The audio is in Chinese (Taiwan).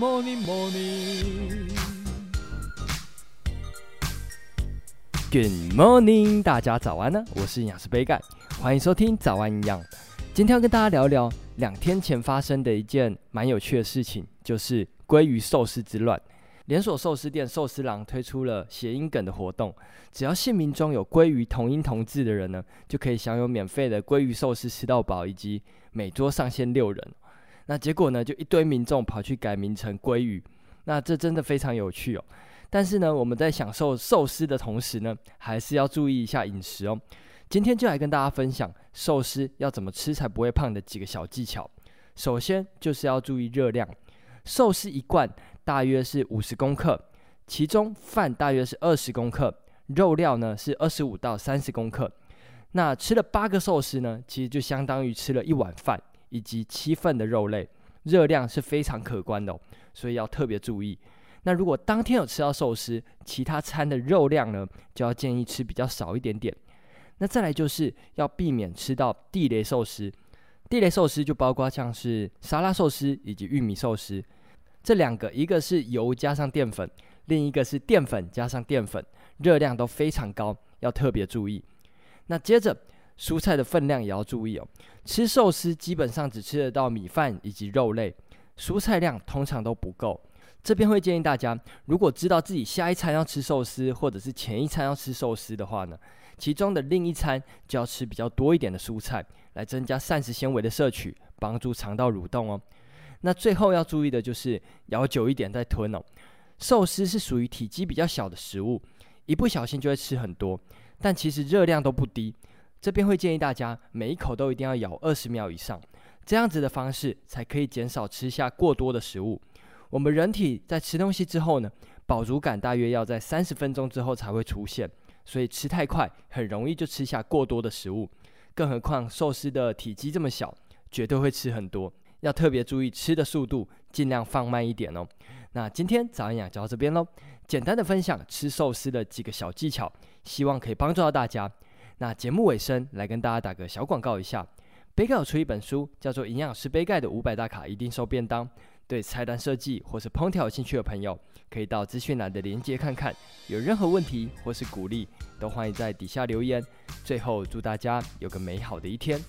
Morning, morning. Good morning, 大家早安呢、啊！我是營養師杯蓋，歡迎收聽早安營養。今天要跟大家聊聊兩天前發生的一件蠻有趣的事情，就是鮭魚壽司之亂。連鎖壽司店壽司郎推出了諧音梗的活動，只要姓名中有鮭魚同音同字的人呢，就可以享有免費的鮭魚壽司吃到飽，以及每桌上限六人。那結果呢？就一堆民眾跑去改名成鮭魚，那這真的非常有趣哦。但是呢，我們在享受壽司的同時呢，還是要注意一下飲食哦。今天就來跟大家分享壽司要怎麼吃才不會胖的幾個小技巧。首先就是要注意熱量，壽司一貫大約是五十公克，其中飯大約是二十公克，肉料呢是二十五到三十公克。那吃了八個壽司呢，其實就相當於吃了一碗飯。以及七份的肉類，熱量是非常可觀的哦，所以要特別注意。那如果當天有吃到壽司，其他餐的肉量呢，就要建議吃比較少一點點。那再來就是要避免吃到地雷壽司，地雷壽司就包括像是沙拉壽司以及玉米壽司這兩個，一個是油加上澱粉，另一個是澱粉加上澱粉，熱量都非常高，要特別注意。那接着。蔬菜的分量也要注意哦。吃壽司基本上只吃得到米飯以及肉類，蔬菜量通常都不夠。這邊會建議大家，如果知道自己下一餐要吃壽司，或者是前一餐要吃壽司的話呢，其中的另一餐就要吃比較多一點的蔬菜，來增加膳食纖維的攝取，幫助腸道蠕動哦。那最後要注意的就是咬久一點再吞哦。壽司是屬於體積比較小的食物，一不小心就會吃很多，但其實熱量都不低。這邊會建議大家，每一口都一定要咬二十秒以上，這樣子的方式才可以減少吃下過多的食物。我們人體在吃東西之後呢，飽足感大約要在三十分鐘之後才會出現，所以吃太快很容易就吃下過多的食物。更何況壽司的體積這麼小，絕對會吃很多，要特別注意吃的速度，儘量放慢一點哦。那今天早安營養，就到這邊嘍，簡單的分享吃壽司的幾個小技巧，希望可以幫助到大家。那節目尾聲，來跟大家打個小廣告一下，杯蓋出一本書，叫做《營養師杯蓋的五百大卡一定瘦便當》，對菜單設計或是烹調有興趣的朋友，可以到資訊欄的連接看看。有任何問題或是鼓勵，都歡迎在底下留言。最後，祝大家有個美好的一天。